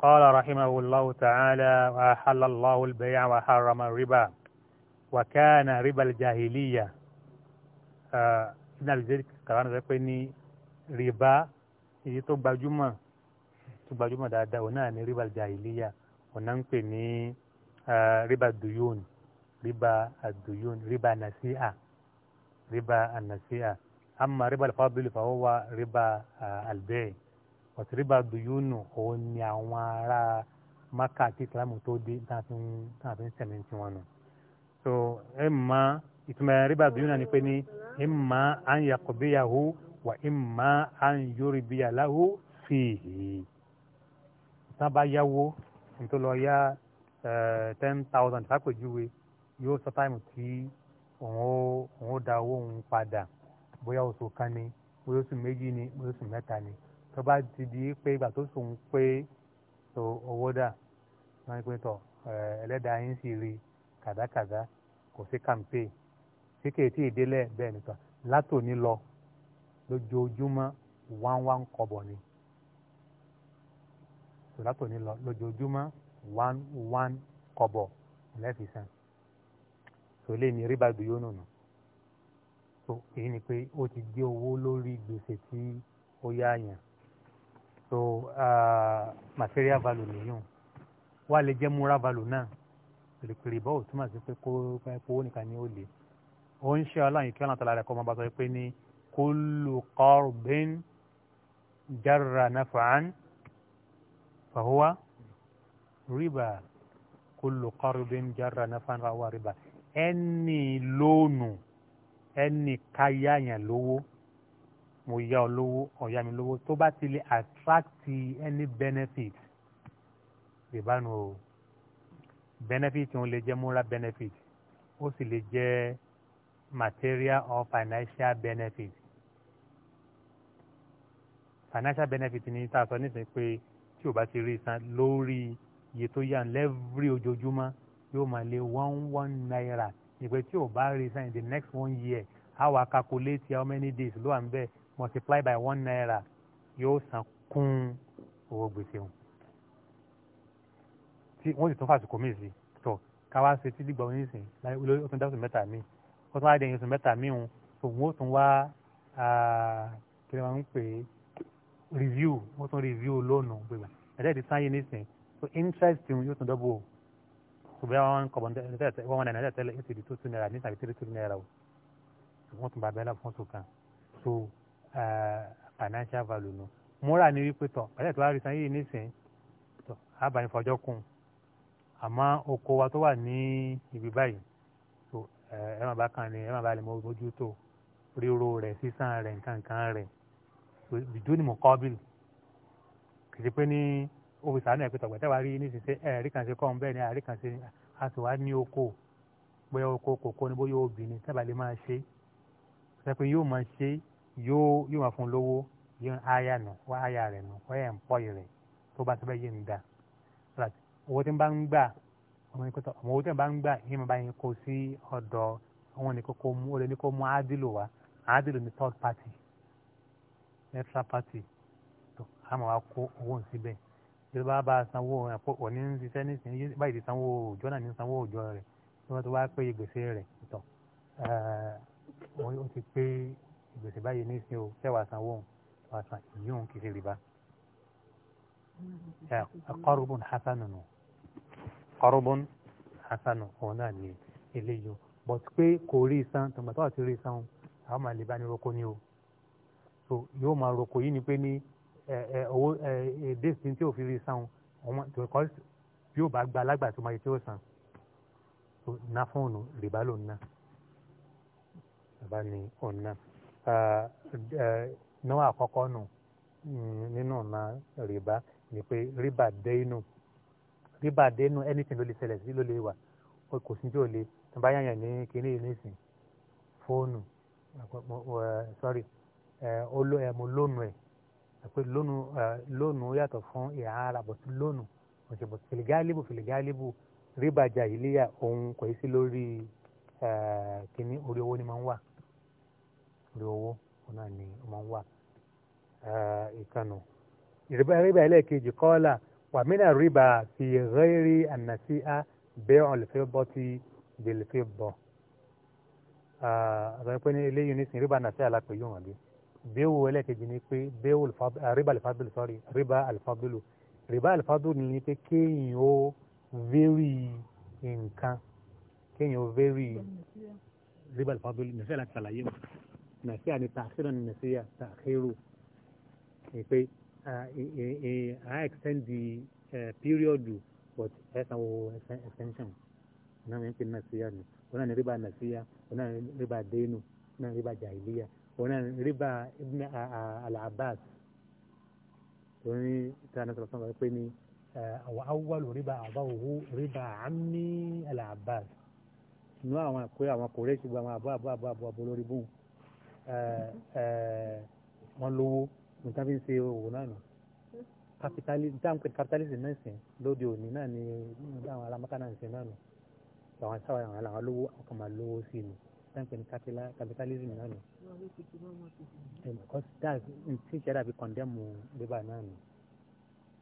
قال رحمه الله تعالى وحل الله البيع وحرم الربا وكان ربا الجاهلية آه، إن الجزء كان ذلك إني ربا يتو بجمع تو بجمع دا دا ربا الجاهلية ونن كني آه، ربا الديون ربا الديون ربا النسيئة ربا النسيئة أما ربا الفضل فهو ربا آه، البيع ọ̀tẹ̀rẹ̀bà dùyúnù òun ni àwọn ará maka àti ìsìlámù tó dé táà fi ń sẹ̀mí tí wọn nù. so ẹ mọ ìtumọ̀ rẹ̀bà dùyúnù ni pé ní ẹ mọ à ń yàkọ̀bíyàwó wà ẹ mọ à ń yọrí fìhì. sábà yáwó nítorí lọ yá ten thousand fàpèjúwe yóò sọ táìmù tí òun ó da owó òun padà bóyá oṣù kan ni bóyá oṣù méjì ni bóyá oṣù mẹ́ta ni tó bá ti di pé ìgbà tó sùn pé tó owó dà wọ́n ń pè tọ̀ ẹlẹ́dàá yín sì rí kàdákàdá kò sí kàmpé tí kèétí ìdílé bẹ́ẹ̀ nìkan látòní lọ lójoojúmọ́ one one kọ́bọ̀ ni so látòní lọ lójoojúmọ́ one one kọ́bọ̀ lẹ́fìsàn so lè ní rìbá ìdúyó nùnú so èyí ni pé ó ti gbé owó lórí gbèsè tí ó yá yàn so uh, material value nìyẹn wà lè jẹ́ moral value náà rìbọ́ ò túmọ̀ sí pé kó owó nìkan ni ó lè ó ń ṣe aláìyí kí ọlọ́tàlá rẹ̀ kọ́ ọmọ bá sọ pé ní kullu qarbin jarra naf'an fahuwa riba kullu qarbin jarra naf'an fahuwa riba ẹni lónù ẹni káyà yẹn lówó mo yá ọ lówó ọ̀yá mi lówó tó bá ti lè attract any benefit ìbánu o benefit òun lè jẹ́ moral benefit ó sì lè jẹ́ material or financial benefit financial benefit ni tá a sọ nísìnyí pé tí o bá ti rí san lórí iye tó yà lẹ́ẹ̀rí ojoojúmọ́ yóò máa lé one one naira ìpè tí o bá rí san in the next one year how wá calculate how many days Lo wà ń bẹ́ẹ̀ multiply by one naira yóò san kún owó gbèsè wọn tí wọ́n sì tún fàṣìkò míì sí tọ̀ káwá ṣe tí dìgbà oníṣìn láì olórí ọtún dáhùn mẹ́ta míì ó tún wá dé oṣù mẹ́ta míì wọn tó wọ́n tún wá kí ni wọ́n ń pè é review wọ́n tún review lónù gbégbà ẹ̀dẹ́ ti sáyé nísìn so interest wọn yóò tún dọ́bù o tó bẹ́ẹ̀ wọ́n kọ̀ bọ́n wọ́n wọn nàìjíríà tẹ́lẹ̀ eight eighty two two naira ní tàbí three three naira o wọ́n tún bá abẹ́lá fún oṣù kan so financial value nù múra ní wípé tọ̀ pàṣẹ tó wá rí san yìí nísìn tọ̀ àbáni fọjọ́ kùn àmọ́ oko wa tó wà ní ibi báyìí tó ẹ má bá kàn ní ẹ má bá lè mọ ojú tó ríro rẹ̀ sísan rẹ̀ nǹkankan rẹ̀ bìdú ni mo kọ́ bìlù kìí pé ní òfìsà náà ẹ̀ pé tọ̀gbẹ́tẹ́ wa rí nísinsìnyí ẹ̀ẹ́rì kan ṣe kọ́ ń bẹ́ẹ̀ ni ẹ̀ẹ́rì kan ṣe a sì wá ní oko bóyá oko kòkó ni bóyá obìnrin sábà lè máa ṣe sọ pé yóò máa ṣe yóò yóò máa fún un lówó yóò áyà nù wá áyà rẹ̀ nù wọ́n yẹ̀ ń pọ̀ rẹ̀ tó bá sábẹ́ yé ń da owó tí ń bá ń gbà ọmọ owó tí ń bá ń gbà yín máa bá yín kó sí ọ̀dọ̀ àwọn ní kókó mú olè ní kó mú ádìlù wá ádìlù ní third party neutral party tó a máa wá kó owó ń síbẹ̀ yóò bá bá sanwó ẹ̀kọ́ òní ń ṣiṣẹ́ nísìnyí báyìí ti sanwó òòjọ́ náà ní sanwó òòjọ́ rẹ̀ tí wọ́n ti wá pé gbèsè rẹ̀ tó ó gbèsè báyìí ní ìsìn o ṣẹ́wàá san owó wàá san ìyí òun kìí ṣe rìbá. akọ́rùbùn hasanu nù kọ́rùbùn hasanu òun náà ní eléyìí but pé kò rí san tòmọ̀tò àti rí san àwọn máa lè bá ní roko ní o so yóò máa roko yìí ni pé ní owó déèsì tí ò fi rí san ọmọ tó kọ́ yóò bá gba alágbà tó máa yẹ tí ó san so ná fóònù rìbá lòun náà. Bá ní ọ̀nà níwọ̀n àkọ́kọ́ nù mm, nínú ọ̀nà rìbá ni pé rìbá dé rìbá dé anything ló lè ṣẹlẹ̀ sí ló lè wà kò sí jò lè tí wọ́n bá yàn yàn ní kínní nísìn fóònù sorry mo lónù ẹ̀ pé lónù lónù yàtọ̀ fún ìhàrà bọ̀tú lónù òṣèbọ̀ fìlìgáàlìbù fìlìgáàlìbù rìbá jàhìlíyà òun kò sí lórí kínní orí owó ni máa ń wà orí owó òun náà ni ọmọ ń wà ìkànnù. rìbá ẹlẹ́ẹ̀kejì kọ́ọ́là wàmínà rìbá fi rẹ́rì ànàsí á bẹ́ẹ̀ ọ̀lẹ́fẹ́ bọ́ ti bẹ̀lẹ́fẹ́ bọ̀. àtàwọn pé ní eléyìí ní sin rìbá ànàsí àlàpẹ̀yọ̀ wọn bí bẹ́ẹ̀wò ẹlẹ́ẹ̀kejì ni pé bẹ́ẹ̀wò rìbá alifábìlù sọ́rí rìbá alifábìlù rìbá alifábìlù ni pé kéèyàn ó vérì nǹkan kéèyàn ó vérì rìbá alifábìlù nìfẹ́ nàṣíà ni tàkírọ̀ ni nàṣíà tàkírù ااا pé à extend the e, period but ẹ̀sán wo extension náà wọ́n pè ní nàṣíà nù wọ́n náà ní rí bá nàṣíà wọ́n náà ní rí bá dénú wọ́n náà ní rí bá jàìlíyà wọ́n náà ní rí bá ibn al-abbas wọ́n ní tànà sọ̀rọ̀ sọ̀rọ̀ pé ní e, àwọn awọ́lù rí bá àbáwò rí bá àmì al-abbas nínú àwọn àkóyè àwọn kòrẹ́sì gbogbo àwọn àbọ̀ àbọ̀ àbọ̀ àbọ̀ lórí bóun wọ́n lówó nǹkan fi ń ṣe òwò náà nù capitalism náà sìn lóde òní náà ni àwọn alamaka náà sìn náà nù àwọn sáwọn àwọn àwọn lówó àwọn kan máa lówó sí ni táǹpẹ̀ ní capitalism náà nù. because that's n tí ìṣẹ́dá fi condemn bébà náà nù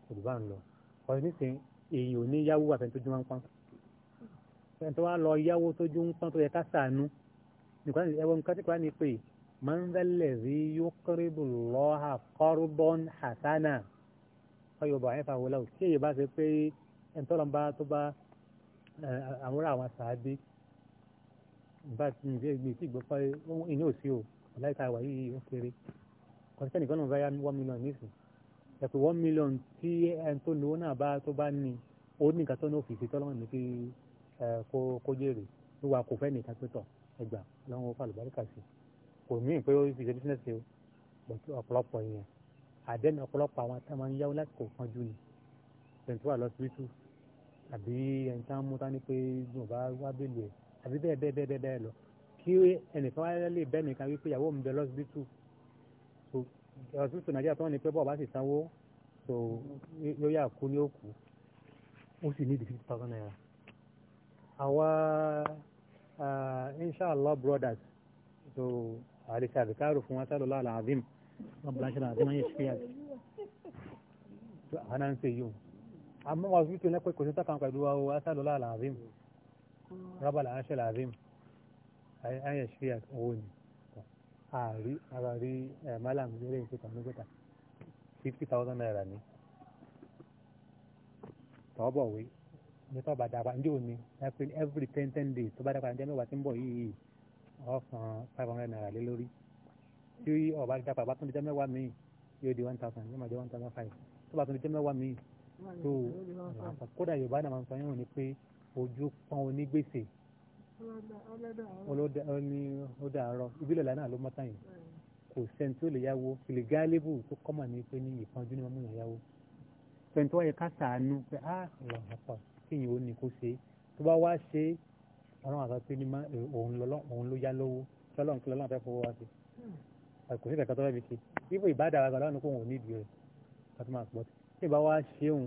kò bá ń lọ ọ̀rọ̀ nísìnyí èyí ò ní yáwó àfẹntójú máa ń pọ́n ẹni tó wá lọ yáwó tójú ń pọ́n tó yẹ ká sàánú nìkan ẹwọ nǹkan tí ní pè é. من ذا الذي يقرض الله قرضا حسنا فيضاعفه له tí èyí bá ṣe pé ẹni tó lọ́nba tó bá àwọn ará àwọn sàádé bá ti ń gbé gbé tí ìgbọ́ pé ìní ò sí o ọ̀láìka ìwà yìí ń kéré kọ̀ǹtẹ́nì kan náà bá yá ní one million nísìn ẹ̀pẹ̀ one million tí ẹni tó lówó náà bá tó bá ní ó ní nǹkan tó ní òfìsí tọ́lọ́mọ̀ ní fi kó jèrè ló wà kó fẹ́ nìkan pé tọ̀ ẹgbà lọ́wọ́ fàlùbáríkà sí i kò ní ó fi ṣe bísínẹ́sì o pẹ̀lú ọ̀pọ̀lọpọ̀ èèyàn àdẹ́nu ọ̀pọ̀lọpọ̀ àwọn tá máa ń yáwó láti kò kánjú ni pẹ̀lú wà lọ́sibítù àbí ẹni tá ń mú tání pé gbọ̀n bá wá bèlú ẹ̀ àbí bẹ́ẹ̀ bẹ́ẹ̀ bẹ́ẹ̀ bẹ́ẹ̀ lọ kí ẹnìkan wá lè bẹ́ẹ̀ nìkan wípé ìyàwó mi bẹ lọ́sibítù lọ́sibítù nàìjíríà tó wọ́n ní pé bọ́ọ̀ bá sì sanwó so yóò yà kú ní òkú ó sì ní ìdí fifty thousand naira àwa ah, inshallah brothers so عليه أذكاره فما سأل الله العظيم رب العشر العظيم أن يشفيك أنا أنسيه أما ما أزبط هناك كنت كان قدوة أسأل الله العظيم رب العرش العظيم أن يشفيك أقول أعري أعري مالا مزيرين في كمنزة 50,000 naira ni tọ́bọ̀ wí ní tọ́ba dàgbà ní òní every ten ten days tọ́ba dàgbà ní ọjọ́ mẹ́wàá tí ń bọ̀ yìí yìí ọ̀sán five hundred naira lé lórí tí ọba ti dapò àbátúndì jẹ́ mẹ́wàá míì yóò di one thousand yóò máa jẹ́ one thousand five tó bá tún jẹ́ mẹ́wàá míì tó kódà yorùbá náà máa ń sọ yóò ní pé ojú pọ́n onígbèsè olódàárọ̀ ìbílẹ̀ lánàá ló mọ́tàn yìí kò sẹ́ni tó lè yáwó ìlè gáálébù tó kọ́mọ̀ ní pé ní ìpọ́njú ni wọ́n mú yàn yáwó fẹ̀ntọ́ yẹ ká sàánú pé á ah, lọ́ọ̀ pọ̀ kí yìí ó ní kó ṣe tó bá wá ṣe é ọlọ́run àti pé nímọ̀ eh, òun lọ́lọ́ òun ló yá lówó tọ́lọ́run kí lọ́lọ́run fẹ́ fowó wá sí kò sí ìkẹ́kọ̀ọ́ tọ́lọ́ fi ṣe bíbó ìbádà wa lọ́run kò wọ́n ní ìdí rẹ̀ láti máa pọ̀ tí ìbá wa ṣe òun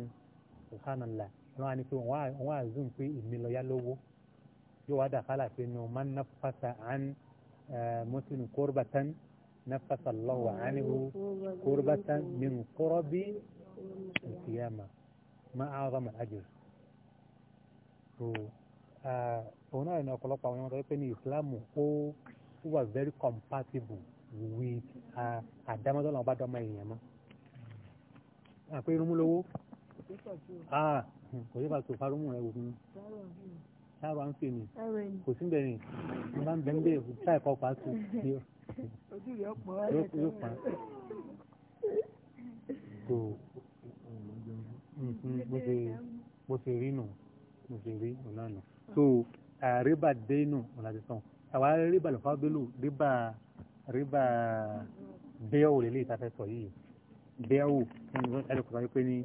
subhanallah ọlọ́run àni pé òun àzùn pé èmi lọ yá lówó yóò wá dàkálà pé nù man nafasa an eh, muslim kurbatan nafasa Allahu anhu kurbatan min kurbi al-qiyamah ma a'zama al-ajr. Ah, òun náà ní ọ̀pọ̀lọpọ̀ àwọn ọmọdé pé ní ìsìláàmù ó wà very compatible with àdámọ́tọ́ làwọn bá dọ́mọ èèyàn mọ́ àpé irun lówó kò yẹ pàtó farumu rẹ wò fún mi sáàrọ̀ àǹfẹ̀ mi kò sí bẹ̀rẹ̀ ní bá ń bẹ̀ ń bẹ̀ ṣáà ẹ̀kọ́ pàtó yóò pọ̀ tó mo ṣe rí nù mo ṣe rí nù lánàá rìbá dénú ọ̀nà ti sàn àwa rìbá lọ́fàbílù rìbá rìbá bẹ́ẹ̀wò lélẹ́yìí tá a fẹ́ sọ yìí bẹ́ẹ̀wò ẹni kò sọ pé ní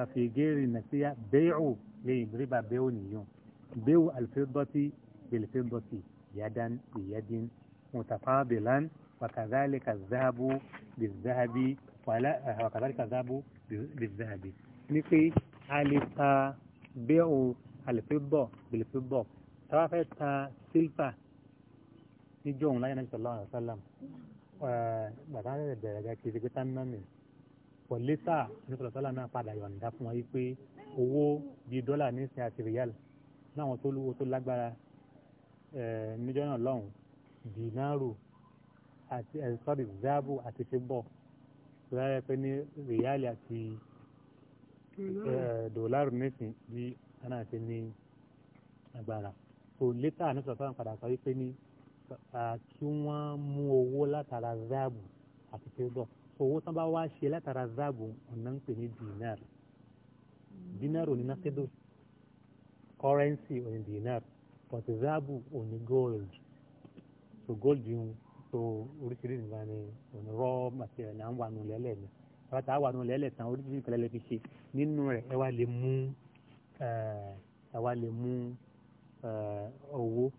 àfìgẹ́rì nàṣíyà bẹ́ẹ̀wò lẹ́yìn rìbá bẹ́ẹ̀wò nìyàn bẹ́ẹ̀wò àlùfẹ́dọ́tì bẹ́ẹ̀lẹ́fẹ́dọ́tì yadan ìyadin mutafabilan wakadhalika zahabu bizahabi wàhálà wakadhalika zahabu bizahabi ní pé a lè ta bẹ́ẹ̀wò àlùfẹ́dọ́ bẹ́ẹ̀lẹ́fẹ́dọ́ tàwa fẹ́ ta sílfà ní jọ̀hún láyé náà sọ̀lá àṣàlám bàbá rẹ̀ bẹ̀rẹ̀ gẹ́gẹ́ kí ṣẹ́gbẹ́ta ń mẹ́mì pọ̀ lẹ́tà ní sọ̀lá sọ̀lá náà padà yọ̀ǹda fún wọn wípé owó bíi dọ́là ní sin àti rìyàl láwọn tó lówó tó lágbára eh, níjọ́ náà lọ́hùn dìnárù àti eh, sọ́ọ̀dì záàbù àti fíbọ̀ lọ́yẹ̀ pé so létà àníṣọ fẹ́ràn padà sọ wípé ní kí wọ́n mú owó látara záàbù àti fẹ́dọ̀ owó tán bá wá ṣe látara záàbù ọ̀nà ń pè ní dinar dinar òní nákẹ́dọ̀ currency òní dinar but záàbù òní gold so gold yìí so oríṣiríṣi nǹkan ni òní rọ́ material ní àwọn àánú lẹ́lẹ̀ ni àbáta àwọn àánú lẹ́lẹ̀ tán oríṣiríṣi nǹkan lẹ́lẹ̀ fi ṣe nínú rẹ̀ ẹ wá lè mú ẹ wá lè mú owó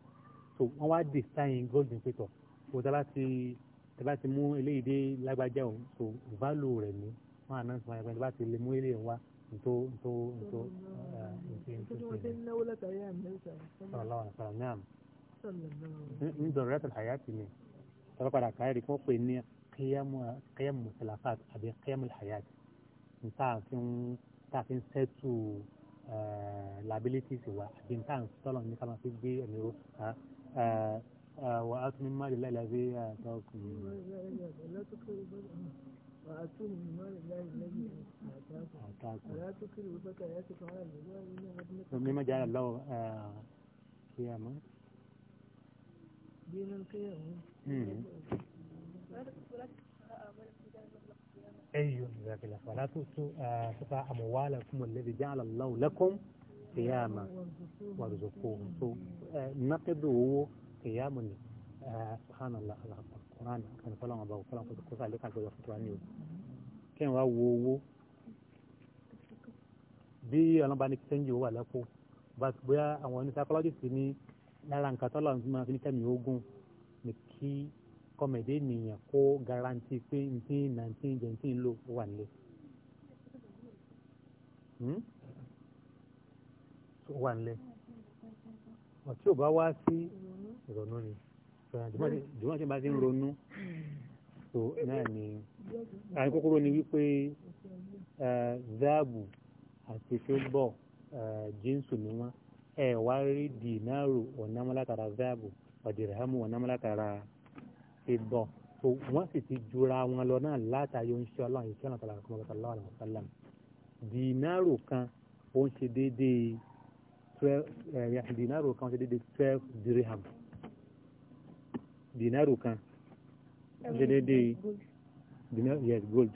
so wọ́n wá design gold pẹ̀tọ̀ kò tẹ́lá ti tẹ́lá ti mú eléyìí dé lágbájá o so value rẹ̀ ni wọ́n announce wọn ẹgbẹ́ tẹ́lá ti lè mú eléyìí wá nto nto nto nti nti nti sallallahu alaihi wasallam naam ní dọ̀rọ̀ rẹ̀ hayati ni tọ́lá padà káyọ̀dé kí wọ́n pè ní kíyàmù mutlaqat àbí kíyàmù hayati nta àfin nta àfin sẹ́tù. Eh, liabilities wa àti nǹkan à ń sọ́lọ̀ ní ká máa fi gbé ẹ̀mí ró wà á tún ní má lè láìláì fi àtọ́ ọkùnrin. وآتوني من مال الله الذي آتاكم ولا تكلوا بكاياتكم على الجوال مما جعل الله قياما دينا قياما ẹ̀yọ́ ìgbàgbé làfàlà tó tó àtúkà àmọ̀wálà fún mọ̀lẹ́bí jẹ́ àlàláwò lẹ́kọ̀ọ́ kìyàmà wàrùzọ̀kọ̀ tó nákẹ́dù owó kìyàmà ni subhanallah alakọ̀rán kan fọlá wọn bá wọ fọlá kó sàlẹ̀ kan gbọdọ̀ fún tuwani o kẹ́hìn wá wo owó bí ọlọ́ba ní sẹ́ńjì owó àlẹ́kọ̀ọ́ bóyá àwọn oníṣẹ́ akọ́lọ́jì sí ní lára nǹkan tọ́lọ́ ní kẹ́mi ogun ni kí kọmẹdé nìyẹn kó garanti pé nineteen nineteen nineteen ló wà nílé hmm? wà nílé ọtí ò bá wá sí ìrònú ni jùmọ̀ tí bá ti ń ronú tó náà ni àyìn kókóró ni wípé záàbù àti fílbọ̀ jínsù ni wọ́n ẹ̀ wá rí dìnárù ọ̀nàmọ́lá tara záàbù ọ̀dìrẹ́hàmù ọ̀nàmọ́lá tara fìdọ̀ tó wọ́n sì ti jura wọn lọ náà látàrí oúnjẹ ọlọ́run yìí kí ọ̀nà tàbí àkọ́mọ́ bàtà lọ́wọ́ àwọn sálàm dìnárò kan ó ń ṣe déédéé eh, dìnárò kan ó ń ṣe déédéé twelve dirham dìnárò kan ó ń ṣe déédéé dìnárò yes gold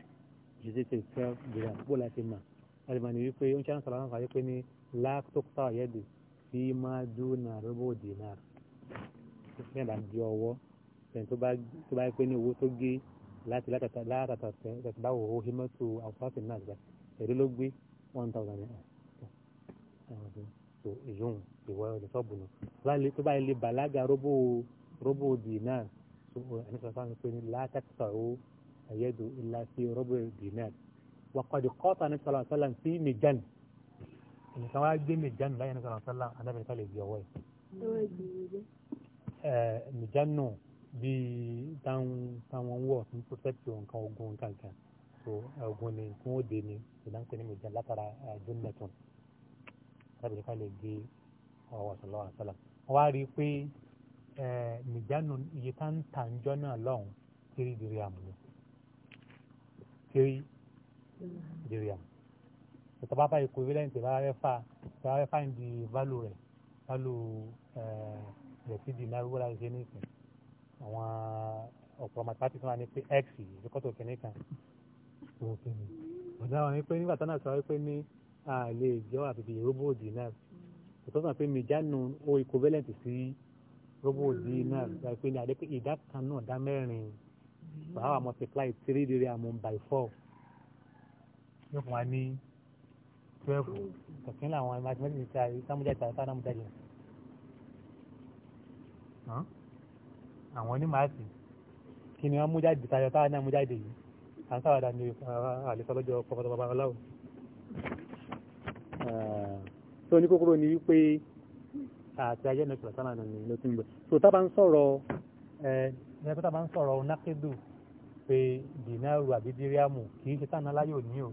ṣe ṣe ṣe twelve dirham bó la ṣe mà láti mà ní wípé oúnjẹ ọ̀nà sọ̀rọ̀ àwọn àyè pé ní láàtọ́kítà ọ̀yẹ́dì fi máa dúnà rọ́bò dìnárò ẹni tó bá tó bá pé ní owó tó gé láti látàtà bá wò ó hímọ́ tó àwòfáàfì náà gbà ẹ̀rí ló gbé one thousand naira tó èyún ìwọ ọ̀dọ̀ sọ́ọ̀bù nù tó bá ilé bàlágà róbò róbò dì náà tó ẹni sọ fáwọn pé ní látàtà ó ẹ̀yẹ́dù ilá sí róbò dì náà wàkọ̀dì kọ́tà ní sọ̀rọ̀ sọ́lá sí mìjánì nǹkan wá gbé mìjánì láyé ní sọ̀rọ̀ sọ́lá anábìrin sọ́lá ìgbì ọwọ́ yìí. mìjánì náà bíi táwọn ń wọ̀ fún protect nǹkan ogun kankan so ogun ni tí wọ́n dé ni ìdáǹpẹ́ ni mo jẹ́ látara jonathan lábẹ́ nípa lè gbé ọwọ́ sọ̀lọ́ àṣàlà wọ́n á rí i pé eh, nìjánu iye tá ń tà ń jọ́ náà lọ́hùn three dirham ni three dirham tọ́tọ́ bá bá equivalent bá rẹ́ fà bá rẹ́ fà ń di value rẹ̀ value eh, rẹ̀ sí di náírà wọ́n á ṣe ní ìsìn àwọn ọ̀pọ̀ mathematics tí wọ́n ní pé x ìdíkọ́tò kìíní kan owó kìíní ọ̀dà wọn ni pé nígbà táwọn sọ pé ní a lè jọ àfihàn róbòdì náà kò tó sàn pé mìjánu o equivalent sí róbòdì náà sọ pé ní adé pé ìdá kan náà dá mẹ́rin bàbá multiply three dirí àmú by four yóò fún wa ní twelve kọ̀kín làwọn mathematics ti ta ìsàmújáde tàbí sáà náà mú jáde àwọn onímọ̀ọ́sì kí ni wọ́n mú jáde tayọ táwọn náà mú jáde yìí à ń sáwàdà ní àlefọlọ́jọ pọpọtọ babaláwo. tó ní kókóró ni wípé àti ajé ní kìlọ̀tánà ni ló ti ń gbé so tá a bá ń sọ̀rọ̀ ẹ ẹ tá a bá ń sọ̀rọ̀ nákèdù pé dìnnáàrù àbí díríàmù kì í ṣe tánà láyò ní o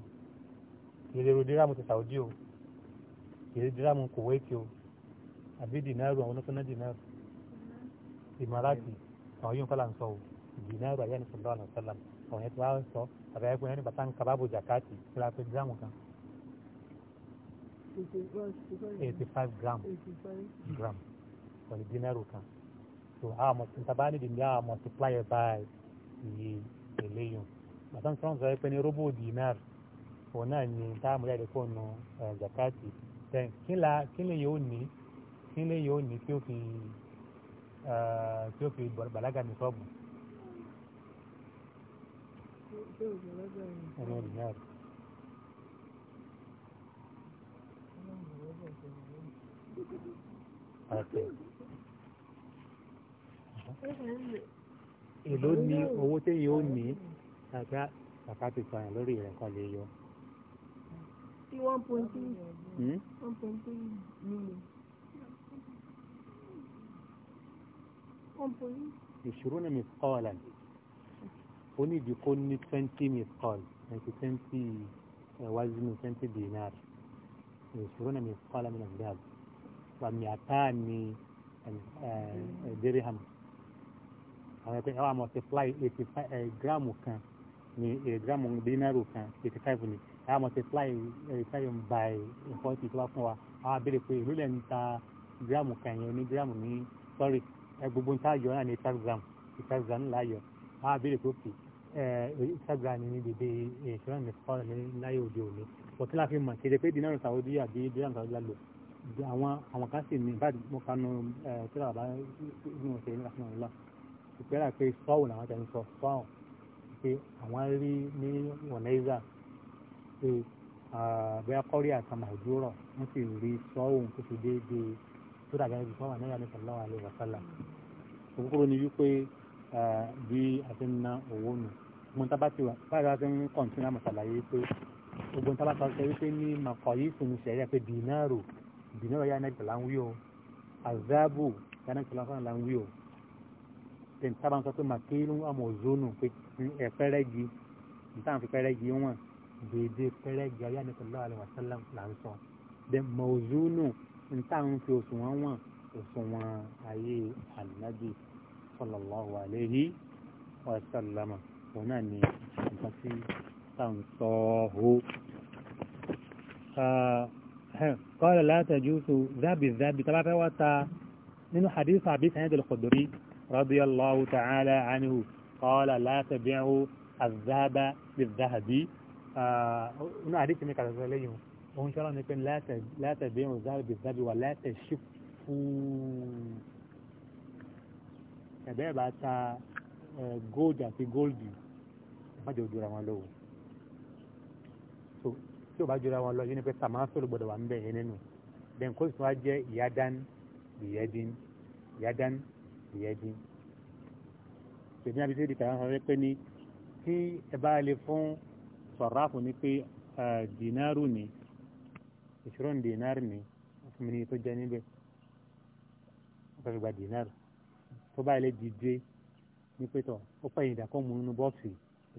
kì í lérò díríàmù ti sàwọ́dí o kì í lérò díríàmù kòwéèkì o àbí dìnnáàrù àwọn onífẹ́ná dìnnáàrù ìmọ̀láàtì àwọn yóò kọ́lá ń sọ jìnnàrú ayé àníṣe lọ́wọ́ àlọ́sọ́lá àwọn yẹn ti wá sọ àbí ayé pẹ́ẹ́n ní bàtà ń kababu jakati kíra pé gíráàmù kan. eighty five gram gram pẹ̀lú jìnnàrú kan so a mọ̀ ntaba ní dìndín a multiply by iye eléyìí bàtà ń sọ pé ní rúbù jìnnàrú òun náà ní táàmù yàrá kó nu jakati then kí ni yóò ní kí ni yóò ní tí ó fi tí ó fi bàlágà ní sọ́ọ̀bù. èló ni owó téèyàn ó ní àgbà àkàtì sọyàn lórí rẹ̀ kan lè yọ. one point three hmm? one point three million. ìṣòro ní mìkọ́ọ̀lá ó ní ìdíkó ní twenty mìkọ́ọ̀lù àti twenty wazinu twenty dinar ìṣòro ní mìkọ́ọ̀lá ní nàìjíríà wà mí àtà ní dirham àwọn ẹgbẹ́ ẹwà multiply eighty five gíráàmù kan ní dinaru kan eighty ni ẹwà multiply eighty by forty tó bá fún wa àwọn abẹ́rẹ́ pé ìlú lẹ́nu ta gíráàmù kan yẹn ní gíráàmù ní sorry gbogbo nta yọ náà ní instagram instagram ńlá yọ á béèrè pé òkè instagram ní dèdè ìṣúná mi kọ́ ní láyé òde òní pọ̀tí láfi mọ̀ kéde pé dínà sàwọ́dí àbí dínà sàwọ́dí lálọ́ àwọn àwọn kan sì ní báyìí mo kanu tíra bàbá inú ṣe ní àfihàn ńlá ìpẹ́rà pé sọ́ọ̀wù làwọn tẹ̀ ń sọ sọ́ọ̀wù pé àwọn rí ní wọ̀nẹ́ìzà pé bóyá kọ́rí àtàmàdúrọ̀ wọ́n sì rí sọ́ọ̀wù tó fi déédéé tó dàgbà ibi fún àwọn ẹ̀yà sallallahu alaihi wasallam òkúkúrò ni wípé bí a ti ń ná owó nù gbogbo tábà ti wà báyìí wá ti ń kọ̀ǹtínú àmọ̀sàlàyé pé gbogbo tábà ti wà sọ wípé ní màkọ̀yí ìsìn ìṣẹ̀rí pé dìnárò dìnárò yá náà tẹ̀lá ń wí o azabu yá náà tẹ̀lá ń wí o tẹ̀lá tábà ń sọ pé màkílù àmọ̀ òzónù pé ẹ̀fẹ́rẹ́gi nítawọn fi pẹ́rẹ́gi wọn déédéé pẹ́rẹ́gi ayé àná sallallahu alaihi wasallam là ń sọ nta ń fi òṣùwọ̀n wọn òṣùwọ̀n ayé ànábì sallallahu alayhi wa sallama òun náà ni nǹkan tí tá ń sọ ọ́ kọ́lẹ̀ látàjú tó zábì zábì tàbá fẹ́ wá ta nínú hadith àbí sanyid al-khudri radiyallahu ta'ala anhu kọ́lẹ̀ látàbí àzábà bí zábì nínú hadith mi kàtàkì lẹ́yìn òun ṣọ́ra ní pé látẹ̀bí ìrùn záàbì záàbì wà látẹ̀ṣí fún ẹ̀bẹ́ bá ta gold àti gold májò jura wọn lọ́wọ́ tí ó bá jura wọn lọ yóò ní pé tàmáfẹ́ ló gbọ́dọ̀ wà ń bẹ̀ yẹn nínú then kó sì tún wá jẹ́ ìyádán ìyẹ́dín ìyádán ìyẹ́dín tèmi àbí sèdí kàrán sọ pé ní tí ẹ bá lè fún sọ̀ráàfù ní pé dìnnárù ni ìṣòro dinar ni fún mi ní tó jẹ níbẹ̀ wọ́n fẹ́ fi gba dinar tó báyìí lè dìde ní pétọ̀ ó pẹ́ yìí dàkọ́ mu nínú bọ́ọ̀sì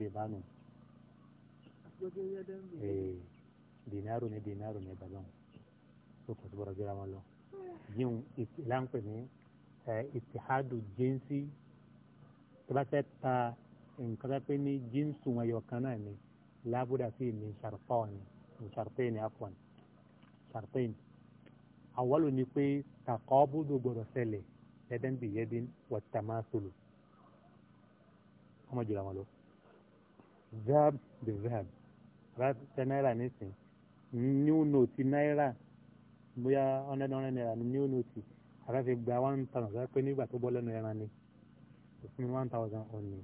rìbá nù. dinaru ni dinaru ni balọ̀n tó kò tó bọ̀rọ̀ gbéra wọn lọ yíyún ìlànpẹ̀ ní ìtìhádù jíǹsì tó bá fẹ́ ta nǹkan tó pé ní jíǹsù wọn yọ kan náà ni lábúdà sí mi ṣàrpọ̀ ni ṣàrpẹ́ ni àfọ̀n shartain àwọlò ni pé taqabudu gbọdọ̀ ṣẹlẹ̀ yadan bi yadin wa tamathulu ọmọ jùlọ wọn lọ zab bi zab rata náírà nísìn new note náírà bóyá hundred hundred naira ni new note àbáfi gba one thousand sọ pé nígbà tó bọ́ lẹ́nu ẹran ni òfin one thousand ọ̀nì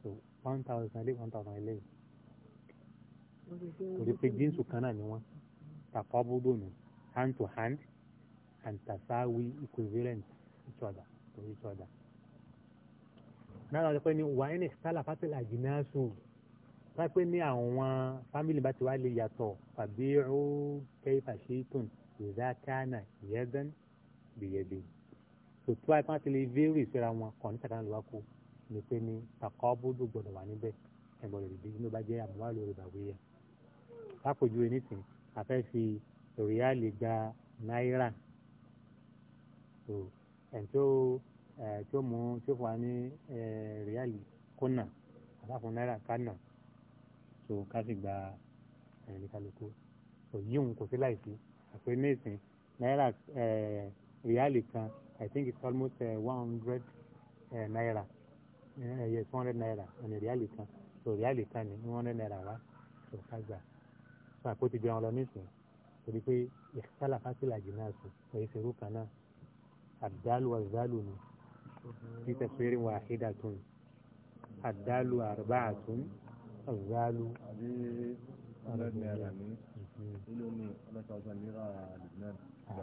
so one thousand ilé one thousand ilé kò lè pe jíǹsù kan náà ni wọ́n taqabudu nù hand to hand and tasawi equivalent each other to each other. náà lọ́dọ̀ ni ní wàá ní sálà fásitì àjìnásù pápẹ́ ní àwọn fámìlì bá ti wá lè yàtọ̀ fàbíyù kayfa shi'tum idha kana yadan biyadin tòtú àìpá ti lè vérì síra wọn kàn ní sàkánà ló wá kú ni pé ní takọ́bùdù gbọ́dọ̀ wà níbẹ̀ ẹ̀gbọ́n rẹ̀ bí inú bá jẹ́ àbúwá lórí bàwíyà lápòjú ẹni tì afẹ́sí rìálì gba náírà so ẹ̀ńtó ẹ̀ tó mú tó fún wa ní rìálì kónà aláfún náírà kánà so ká sì gba ẹ̀yìn kálukú so yíyún kò sí láìsí àpé nísìn náírà rìálì kan i think it's almost one hundred náírà yes one hundred náírà ẹ̀yìn rìálì kan so rìálì kan ní one hundred náírà wá so ká gbà sàn kó ti gbé wọn lọ nísìn torí pé ìsálà fásitì àjìnà sùn èyí ṣe rú kan náà àdálù àzálù ni fi tẹ̀síwérì wà àhídà tún àdálù àrùbá àtún àzálù. Ah,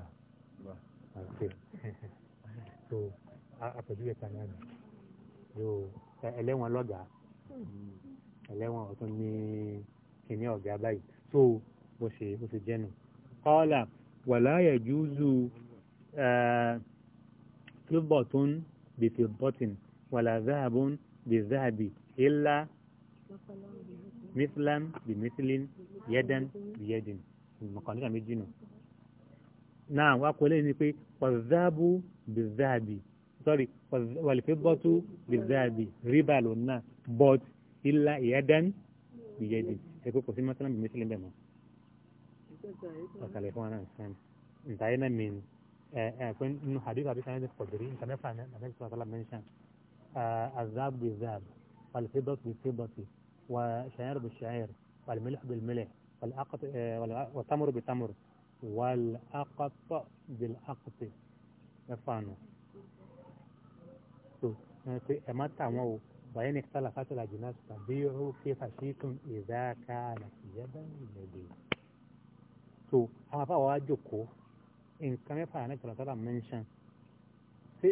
so àpèjúwe kan náà ni yóò ẹlẹ́wọ̀n lọ́gàá hmm. ẹlẹ́wọ̀n ọ̀tún ní kìnìún ọ̀gá báyìí so bó ṣe bó ṣe jẹ́nu. kọ́lá wàláyà júùzù fílbọ̀tún bí fílbọ̀tún wàlá záàbùn bí záàbì ilá mithlan bí mithlin yẹ́dán bí yẹ́dìn mọ̀kànlélà méjì nù. náà wá kọ́ ni pé wàzáàbù bí záàbì sorry wàlífíbọ̀tù bí záàbì ríbà lónà but ilá yẹ́dán bí yẹ́dìn. يكون قوسين مثلا بمثل ده ما وصل إخوانا إنسان انتهينا من اكون إنه حديث أبي سعيد الخدري كان ما فاهم صلى الله عليه وسلم منشأ الذهب بالذهب والفضة بالفضة والشعير بالشعير والملح بالملح والأقط والتمر بالتمر والأقط بالأقط يفعلوا تو ما تعموا وإن اختلفت الأجناس فبيعوا كيف شئتم إذا كانت يدا لدين so àwọn afáwọn ajoko nǹkan mẹ́fà náà tọ̀rọ̀ sábà mẹ́ńṣán ṣé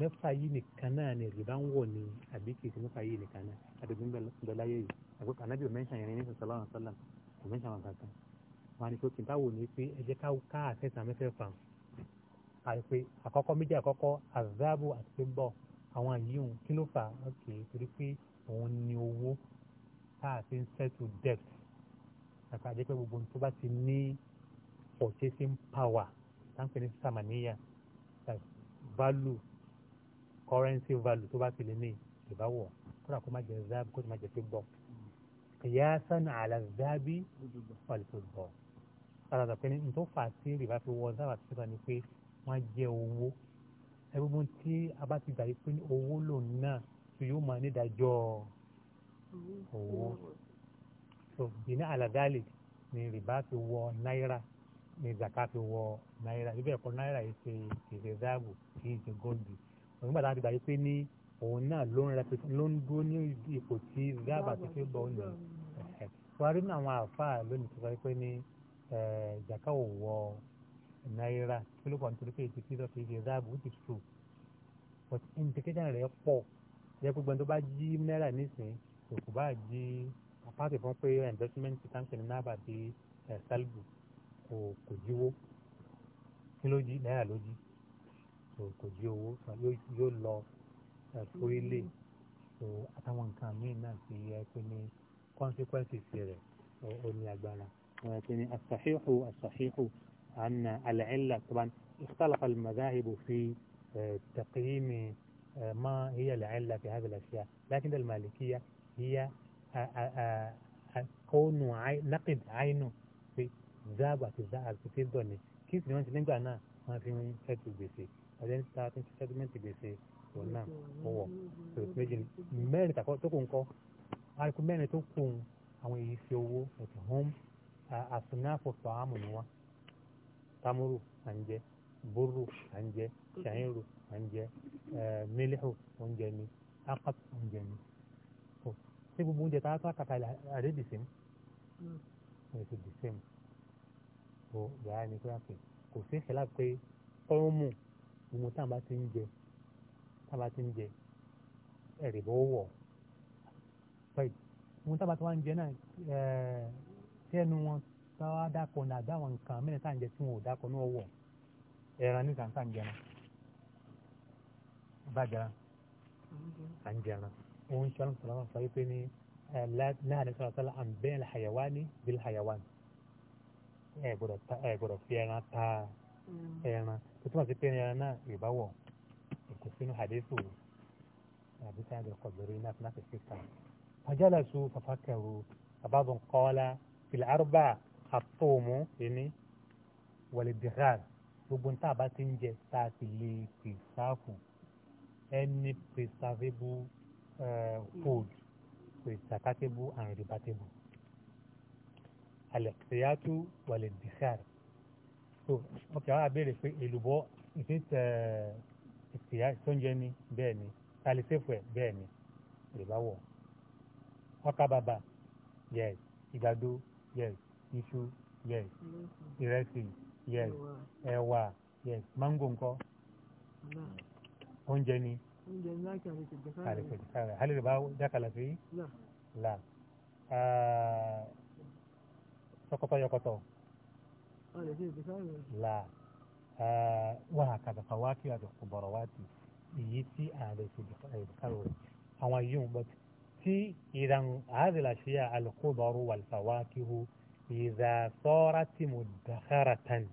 mẹ́fà yìí nìkan náà ni rìbá ń wọ̀ ni àbí kì í ṣe mẹ́fà yìí nìkan náà àdìgún bẹ́láyé yìí àgbẹ̀ kànábì ò mẹ́ńṣán yẹn ní sọ̀sọ̀ lọ́rùn sọ́lá kò mẹ́ńṣán wọn kankan wọn ni sókè táwọn ò ní pé ẹ jẹ́ ká àfẹ́sàn mẹ́fẹ́ fà á pé àkọ́kọ́ méjì àkọ́kọ́ àzáàbò àti bọ́ àwọn àyíhùn kí ló fà ok torí pé òun ni owó tá a ti ń settle debt àti àjẹpẹ́ gbogbo tó bá ti ní purchasing power táǹpẹ̀ ní sàmàníyà value currency value tó bá ti lè ní ìbáwọ̀ kódà kó má jẹ záàbì kó má jẹ fúbọ̀ kìyàsán àlà záàbì pàlùfùbọ̀. sára àtàkùn ní tó fà á sí rìbá fi wọ záàbì àti fúbọ̀ ni pé wọ́n jẹ́ owó ẹgbẹ́ tí a bá ti gbà yí pé owó lòun náà tó yóò máa nídàájọ́ owó so bìnnà àlàdálì ni rìbá fi wọ náírà ni zaka fi wọ náírà ibẹ̀ ẹ̀kọ́ náírà yìí ṣe ìṣe záàbù kì í ṣe góòlù òun gbàdá ti gbà yí pé ní òun náà ló ń ló ń dúró ní ipò tí záàbù àti fi bọ̀ ọ̀nà wàá rí àwọn àáfàá lónìí tó sọ pé ní zaka ò wọ náírà kí ló kàn torí pé ètò kìlọ̀ kì í ṣe záàbù ó ti sù but indication rẹ̀ pọ̀ jẹ́ gbogbo ẹni tó bá jí náírà nísìn kò bá jí apáàtì fún pé investment tankin náà bá ti ṣàlùbù kò kò jíwó kí ló jí náírà ló jí kò jí owó yóò lọ sórílẹ̀ so àtàwọn nǹkan míì náà ti yẹ pé ní consequences rẹ̀ ó ní agbára. wọ́n yẹ pé ní asahihu asahihu. أن العلة طبعا اختلف المذاهب في آه، تقييم آه، ما هي العلة في هذه الأشياء لكن المالكية هي آه، كون نقد عينه في زابة في زابة في الدنيا كيف نحن نقول أنا ما في من شد بيسي أذن ساتن شد من تبيسي ولا هو تمجن من تكو تكون كو أركو من تكون أو يسيو هم الطعام طعامه tamuru à ń jẹ buru à ń jẹ ṣàyẹ̀rù à ń jẹ mílíọ̀nù oúnjẹ ni akap oúnjẹ ni so ṣé gbogbo oúnjẹ tá a tó àkàtà ilẹ̀ àdé the same ẹ̀ hmm. ṣe the same so yàrá ni pé àpè kò sí ìṣẹ̀lá pé táwa dákọ̀ ní àgbáwọn nǹkan mẹ́rin tá à ń jẹ tí wọn ò dákọ̀ ní ọwọ́ ẹran ní sàǹtà ń jẹran bàjẹ́ra à ń jẹran òun ṣe ọlọ́run sọ̀rọ̀ sọ wípé ní náà ní sọ̀rọ̀ sọ̀rọ̀ àn bẹ́ẹ̀ ní àyàwá ní bíl àyàwá ní ẹ gbọ́dọ̀ fi ẹran ta ẹran tó túmọ̀ sí pé ẹran náà ìbáwọ̀ kò sínú àdéhùn àbí sáyẹn bẹ̀rẹ̀ kọ̀ lórí náà fúnà fẹ̀ sí fàjálà su fàfàkẹ́rù àbábọ̀ ń kọ́ ọ́ fìlà àrùbá àtòmù ẹni wọlébìrán gbogbo ní tàbá ti ń jẹ tá a ti lè pèsàfù any preservable uh, food preservable and rebatable alẹ́kìtìyàtú wọlébìrán so ọkẹ́ àwọn abéèrè pé èlùbọ́ ìfẹ́ ìtìyà sóúnjẹ ni bẹ́ẹ̀ ni talisẹ́fù ẹ̀ bẹ́ẹ̀ ni rìbá wọ̀ ọkà bàbà yes ìgbàdo yes iṣu yes ìrẹsì yes ẹ̀wà yes mango ńkọ́ oúnjẹ ni hali de b'a dakala fi la sọkọtọ yọkọtọ la wa kàdà fawaki àti bọrọ waati èyí tí a lè ṣe ìdíkàrò rẹ àwọn yìí ń bọ tí ìran àdìlàṣíà alùpùpù bọrọ wàlfàwákihu ìzà sọ́ra tí mo dàkàrà tán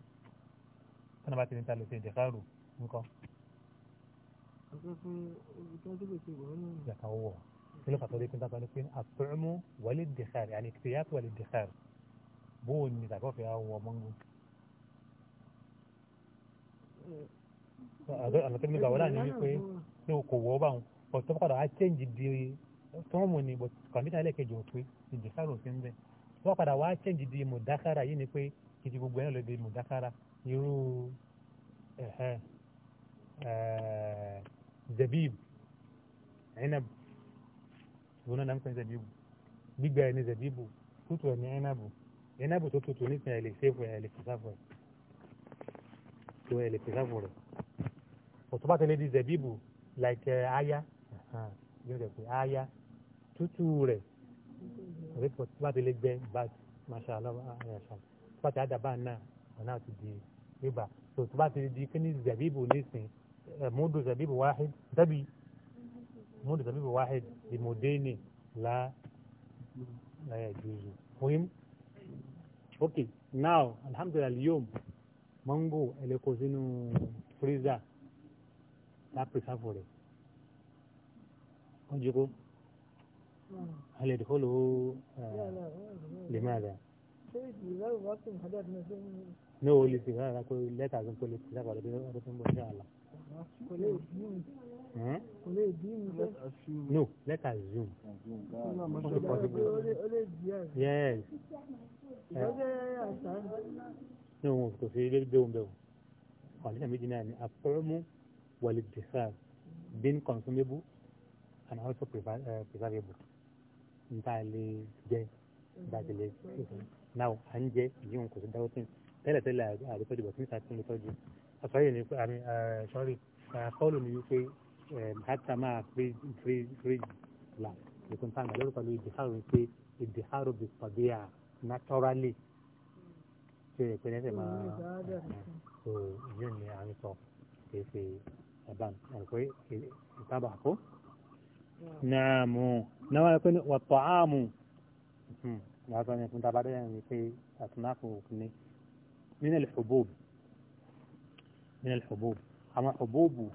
tọ́nà bá ti ní ta ló ṣe dàkàrò nǹkan. zakawo kí ló fàtọ́ lẹ́kùn dábàá ní pé àtúrùmù wọlé dàkàrì àní kìtìyàtò wọlé dàkàrì bóun ni ìdàkọ́fẹ́ àwọ̀ mọ́ngò. àná tó ní gbà wọlé àná wípé ní okò wọ́ bá wọn ọ̀tọ́ padà á chẹ́ǹjì di tọ́ọ̀mù ni bọ̀t kọ̀ǹdíṣà ẹlẹ́kẹ̀jọ pé ìdàkàrò ti ń bẹ́ẹ̀. wọ́n padà wá change di mùdákàrà yìí ni pé kìdí gbogbo ẹ̀ ló di mùdákàrà irú zabib inab ìwọ náà nàmkàn zabibu gbígbà ẹ̀ ní zabibu tútù ẹ̀ ní inabu inabu tó tútù ní ìpín ẹ̀ lè ṣéfù ẹ̀ lè pèsàfù ẹ̀ tó lè rẹ̀ ọ̀tún bá tẹ̀lé di zabibu like aya yóò dẹ̀ pé aya tútù rẹ̀. òbí pọ̀ tí wọ́n ti lè gbẹ bá masha allah ayasha ah, tó bá ti àdàbà náà wọn náà ti di rìbá tó tó bá ti di kí ni zabibu nísìn eh, múdù zabibu wáhid dábì múdù zabibu wáhid ìmùdéni la la yà jùlù fún ok now alhamdulilayi yom mango ẹlẹ́kọ̀ọ́ sínú freezer lápẹ̀sáfọ̀ rẹ̀ wọ́n jẹ́ هل يدخله آه لماذا؟ نو الاستغفار لا تعزم كل استغفار ولا بيرسم ان شاء الله نو لا تعزم يس نو في بيوم بيوم قال لنا ميدينا الطعم والادخار بين consumable and also preservable nta lè jẹ nta ti lè náà à ń jẹ yíyún kò sí dáwọ́tìn tẹ́lẹ̀ tẹ́lẹ̀ àdókòdì bọ̀tí níta tí mo tọ́jú àsọyè ni pé àmì uh, sọ́rí kọ́ọ̀lù ni wípé hata um, máa fíríjì là ìkún tá a gbà lórúkọ lórí ìdíhàrò wípé ìdíhàrò bí pàdéyà naturally ṣe ìpínlẹ̀ ṣe máa mm-hmm. so yíyún ni à ń sọ kì í ṣe ẹ̀bá nǹkan pé ìtàbà nàámù náà wọ́n pẹ́ ní wọ̀tọ̀ áàmù wọ́n sọ ní ìpínta bá dẹ́yà ní pé àtúnáfò ní nínú al-hubub nínú al-hubub àwọn hububu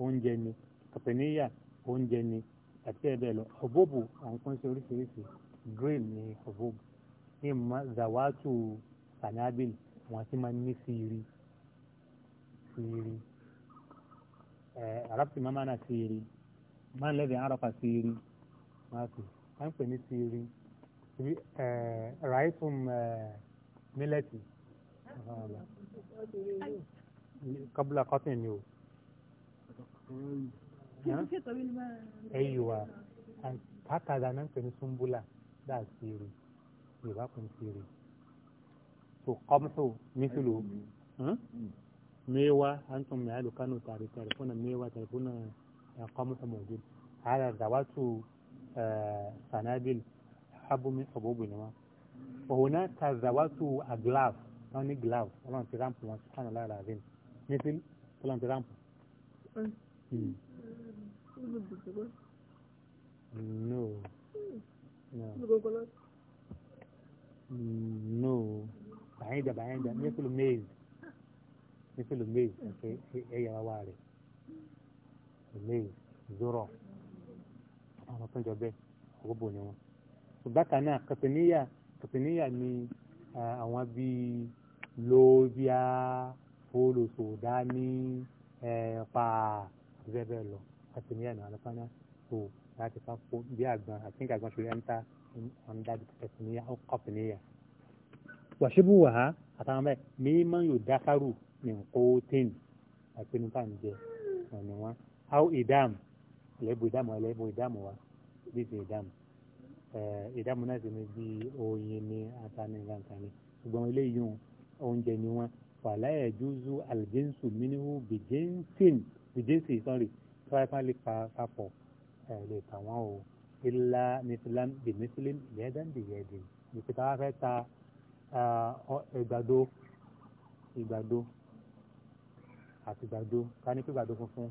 oúnjẹ ni kàpẹ́níyà oúnjẹ ni àti ẹ̀bẹ̀ lọ hububu àwọn kan ṣe oríṣiríṣi green ni hububu ní ma zawatu sanabil wọn ti máa ní sírí sírí ẹ̀ arábìsì máa máa na sírí máa ń lẹ́bẹ̀ẹ́ àràfà sí irí máa sì máa ń pè ní sí irí raifum mílẹ̀tì kọ́bùlà kọ́tìn ni o. ẹ̀yùwà kàkàdà náà ń pè ní súnbùlà dáa sí irí yorùbá kò ní sí irí tó kọ́mùtò mísìlò mẹ́wàá hmm? hmm. àǹtọ̀ mẹ́àlú kánò tàbí tẹlifóònù mẹ́wàá tẹlifóònù. قاموس موجود على ذوات سنابل حب من حبوبهما وهناك ذوات أغلاف يعني غلاف طبعا ترامب سبحان الله العظيم مثل طبعا ترامب نو نو نو بعيدة بعيدة مثل ميز مثل ميز أوكي هي وارد lèyí zoro àwọn tó ń jọ bẹ́ẹ̀ àgbọ̀bọ̀ ni wọn. bákan náà kàtàníyà kàtàníyà ni àwọn bíi lóbíà fólòsòdá ní ẹ̀ẹ́pà bẹ́ẹ̀ bẹ́ẹ̀ lọ kàtàníyà ni àwọn kan tó láti ká fún bí àgbọn àti ní àgbọn ṣòro ń ta àwọn dájú kàtàníyà ó kàtàníyà. wàṣíbù wàhá àtàwọn bẹ́ẹ̀ mímọ́ yóò dákàrù ní nǹkó tẹ́ẹ̀nì àti nípa au idam lẹ́bù ìdámù lẹ́bù ìdámù wa bíbi ìdámù ìdámù náà sì ní bí oyin ní atani nkankani ṣùgbọ́n eléyìí oúnjẹ ni wọ́n wàlá ẹ̀júzú àlùjẹ́nsù mínú bìjẹ́nsìn bìjẹ́nsì sọ́rí tíwáìpá lè pa papọ̀ lè tà wọ́n o ilá nìfìlám bìmísílìm ìyẹ́dán bìyẹ́dìn ìpìtà wá fẹ́ ta ìgbàdo ìgbàdo àti ìgbàdo ká ní pé ìgbàdo funfun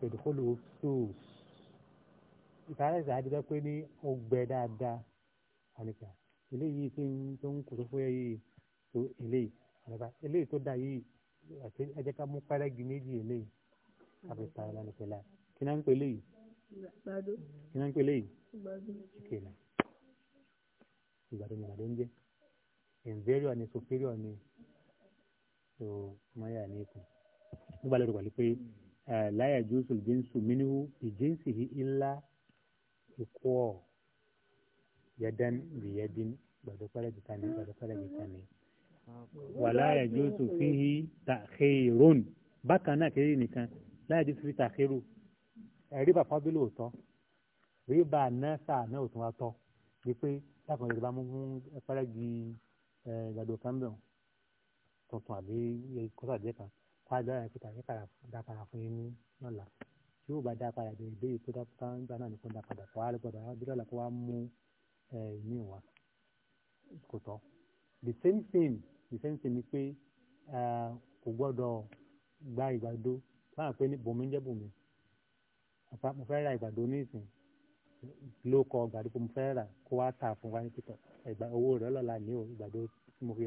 tòdìkọlù sóòs ìtàlẹ̀ ìsàdí bẹ́ẹ̀ pé ní ó gbẹ dáadáa àlùkà eléyìí tí ń tó ń kó tó fóyẹ yìí tó eléyìí àlùkà eléyìí tó dà yìí àti ẹjẹ ká mú pẹ́rẹ́gì méjì eléyìí àfẹ́sà ìlànìkẹ́lá kí náà ń pè léyìí kí náà ń pè léyìí ìkẹlẹ ìgbàdo ìgbàdo ń jẹ inferior ni superior ni tó máyà ní ikùn nígbà lórí pẹ̀lú pé. Eh, la yajuzu al-jinsu minhu bi jinsihi illa ikọ́ yadan bi yadin gbàdúgbàdà jìkà ni gbàdúgbàdà jìkà ni. wa la yajuzu fihi ta'khirun bákan náà kéré nìkan la yajuzu fihi ta'khiru ẹ̀rí bàbá bí lóòótọ́ rí bá náà sáà náà ò tún wá tọ́ wípé lákùnrin ìjọba mú fún ẹ̀fẹ́rẹ́ di eh, gbàdúgbàdà kan bẹ̀rù tuntun àbí eh, kọ́sàdé kan kó agbára ẹ̀ pété àkẹ́kọ̀ọ́ dá padà fún yín ní lọ́la tí yóò bá dá padà bẹ̀rẹ̀ ìbéèrè tó dáa ń gbà náà ní kó dá padà kó wá gbọ́dọ̀ wá bílọ̀ lọ́kọ́ wá mú ìmí wa kò tọ́ the same thing the same thing ni pé kò gbọ́dọ̀ gba ìgbàdo báwọn pé ní bòmí ń jẹ́ bòmí mo fẹ́ ra ìgbàdo ní ìsìn ló kọ ìgbàdo pé mo fẹ́ rà kó wá tà fún wa ní pítọ̀ owó rẹ̀ lọ́la ní o ìgbàdo tí mo fi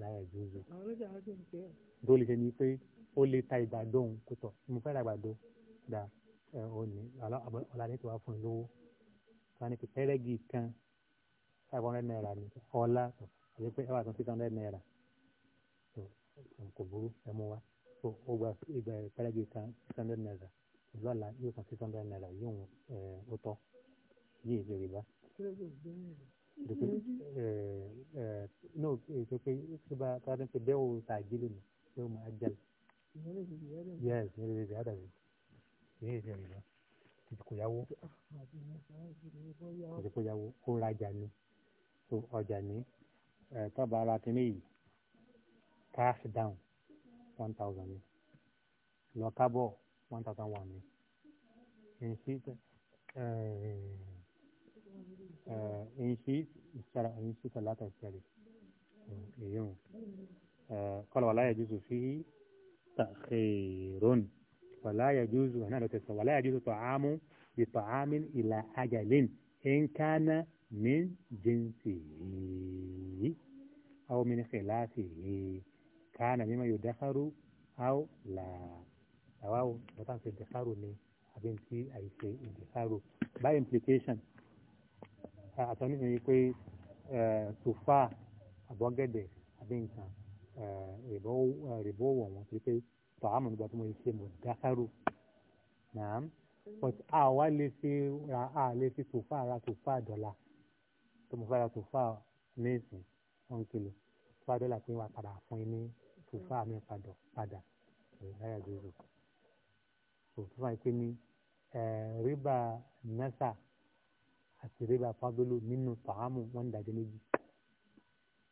láyà ìjọ́sọ. dóòlì ṣe ni pé ó lè ta ìgbàdo òun kó tọ̀ mo fẹ́ ra ìgbàdo dà ẹ̀ ò ní ọ̀làdé tó wá fún un lówó wọn ni pé pẹ́rẹ́gì kan five hundred naira ni ọ̀la àti pé ẹ̀wà tó six hundred naira kò burú ẹ̀ mú wa so ó gba ìgbà pẹ́rẹ́gì kan six hundred naira lọ́la yóò san six hundred naira yóò eh, ó tọ́ yìí ìbéèrè bá. Mm-hmm. Uh, uh, n'o tɛ eh, ko suba k'a dɔn ko bɛɛ y'o ta jeli ma bɛɛ y'o yes ne de bɛ a da bɛ ne de bɛ ma tìtìkóyàwó tìtìkóyàwó kó rajà ni so ọjà ni ẹ eh, tọ́ba ara kìíní yìí cash down one thousand ni lọ́kábọ̀ one thousand one ni. ايشي الشرع ايشي ثلاثة الشرع يوم آه، قال ولا يجوز فيه تأخير ولا يجوز هنا ولا يجوز طعام بطعام إلى أجل إن كان من جنسه أو من خلافه كان مما يدخر أو لا سواء بطعم في الدخار أبنتي أي شيء الدخار by implication àtọ́ nísìnyí pé tòfà àbọ̀gẹ̀dẹ̀ àbí nǹkan rìbó wọ̀ wọ́n torí pé tọ́hámù nígbà tí mo ṣe mọ̀ dákàrò náà but àwa lè fi ra a lè fi tòfà ra tòfà dọ́là tó mo fẹ́ ra tòfà nísìn one kilo tòfà dọ́là pé wà padà fún yín ní tòfà mi padà padà láyà jésù tòfà yìí pé ní rìbá nẹ́sà àti rìbá fábílù nínú tààmù wọn ń dàjẹ́ méjì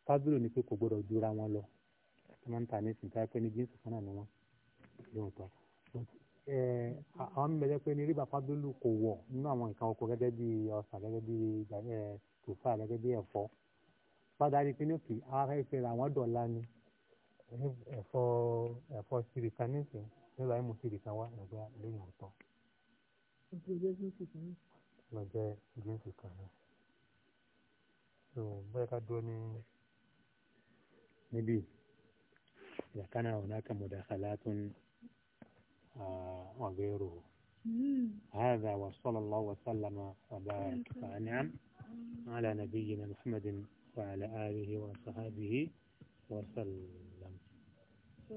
fábílù ni pé kò gbọdọ̀ jura wọn lọ tí wọ́n ń tà ní sìnká pé ní jíǹsì kan náà ni wọ́n yóò tọ́ àwọn mẹ́lẹ́ pé ní rìbá fábílù kò wọ̀ nínú àwọn nǹkan oko gẹ́gẹ́ bí ọ̀sán gẹ́gẹ́ bí tòfà gẹ́gẹ́ bí ẹ̀fọ́ padà rí i pé ní òkè ara ìfẹ́ ra àwọn dọ̀la ni ẹ̀fọ́ ẹ̀fọ́ sirika nísìnyí nígbà yẹn mo sirika wá ẹ̀gbẹ́ lóyún ọ̀tọ̀. máa jẹ́ jíǹsì kan náà so bóyá ká dúró ní níbí هناك مداخلات وغيره هذا وصلى الله وسلم وبارك وأنعم على نبينا محمد وعلى آله وصحبه وسلم